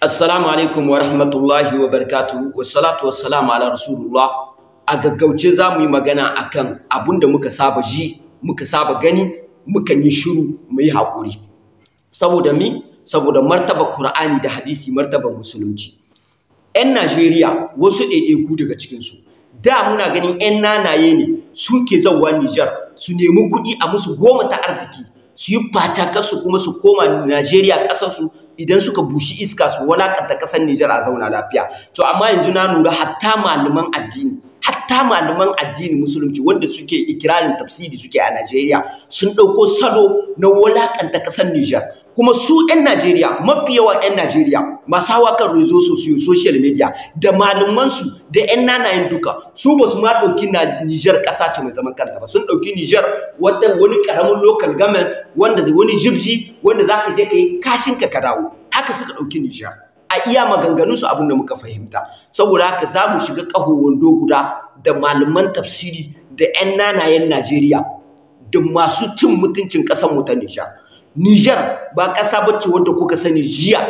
Assalamu alaikum wa rahmatullahi wa barakatuhu wa salatu wa salamu ala rasulullah a gaggauce za mu yi magana a kan abin da muka saba ji muka saba gani muka yi shiru mu yi haƙuri saboda mi saboda martaba Qur'ani da hadisi martaba musulunci 'yan Najeriya wasu ɗaiɗaiku daga cikinsu da muna ganin 'yan nanaye ne suke zauwa Nijar su nemi kuɗi a musu goma ta arziki su yi fatakarsu kuma su koma Najeriya ƙasarsu idan suka bushi iska su walakanta ƙasar Nijar a zauna lafiya. To amma yanzu na lura hatta malaman addini hatta malaman addini musulunci wanda suke ikirarin tafsiri suke a Najeriya sun ɗauko salo na walakanta ƙasar Nijar kuma su 'yan Najeriya mafi yawan 'yan Najeriya masu hawa kan rezo sosiyo social media da malamansu da 'yan nanayen duka su ba su ma ɗauki Nijar ƙasa ce mai zaman kanta ba sun ɗauki Nijar wata wani ƙaramin local government wanda wani jibji wanda za ka je ka yi kashin ka ka dawo haka suka ɗauki Nijar a iya su abin da muka fahimta saboda haka za mu shiga kaho wando guda da malaman tafsiri da 'yan nanayen Najeriya da masu cin mutuncin ƙasar mu ta Nijar. Niger ba ƙasa bacci wadda kuka sani jiya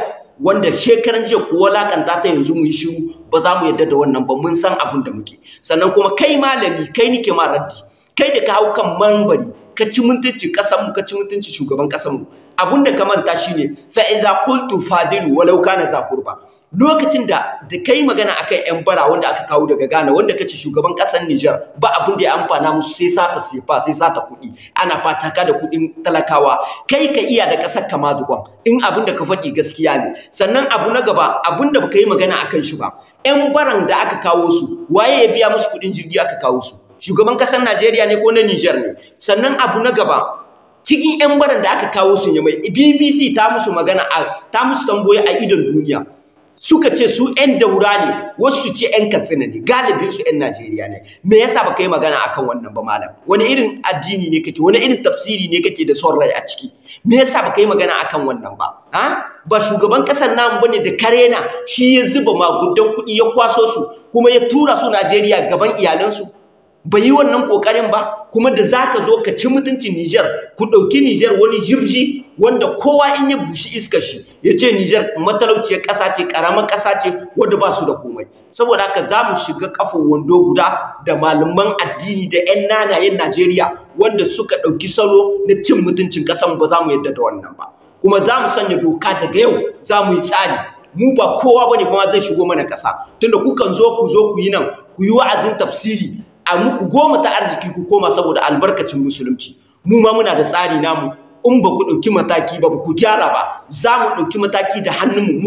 wanda shekaran jiya kuwa lakanta ta yanzu mu yi shiru ba za mu yarda da wannan ba mun san abin da muke sannan kuma kai malami kai nike ma raddi kai da ka hau kan mambari kaci ci mutunci ƙasar mu ka ci mutunci shugaban kasan mu abun da ka manta shine fa idza qultu fadilu walau kana za kurba lokacin da da kai magana akan yan bara wanda aka kawo daga Ghana wanda kace shugaban ƙasan Niger ba abun da ya amfana musu sai sata sifa sai sata kuɗi ana fataka da kuɗin talakawa kai ka iya da kasar ka madugon in abun da ka faɗi gaskiya ne sannan abu na gaba abun da baka yi magana akan shi ba yan baran da aka kawo su waye ya biya musu kuɗin jirgi aka kawo su shugaban kasar Najeriya ne ko na Niger ne sannan abu na gaba cikin yan baran da aka kawo su ne mai BBC ta musu magana a ta musu tamboyi a idon duniya suka ce su yan daura ne wasu ce yan katsina ne galibin su yan Najeriya ne me yasa baka yi magana akan wannan ba malam wani irin addini ne kake wani irin tafsiri ne kake da son rai a ciki me yasa baka yi magana akan wannan ba ha ba shugaban kasar namu bane da karena shi ya zuba magudan kuɗi ya kwaso su kuma ya tura su Najeriya gaban iyalansu bai yi wannan kokarin ba kuma da za ka zo ka ci mutuncin Nijar, ku ɗauki Nijar wani jirji wanda kowa in ya bushi iska shi ya ce Nijar matalauciyar kasa ce karamar kasa ce wanda ba su da komai saboda haka mu shiga kafin wando guda da malaman addini da 'yan nanayen Najeriya wanda suka ɗauki salo na cin mutuncin kasan ba za mu yadda da wannan ba kuma za mu sanya doka daga yau za mu yi tsari mu ba kowa bane kuma zai shigo mana ƙasa. tunda kukan zo ku zo ku yi nan ku yi wa'azin tafsiri a muku goma ta arziki ku koma saboda albarkacin musulunci mu ma muna da tsari namu in ba ku ɗauki mataki ba ku gyara ba za mu ɗauki mataki da hannunmu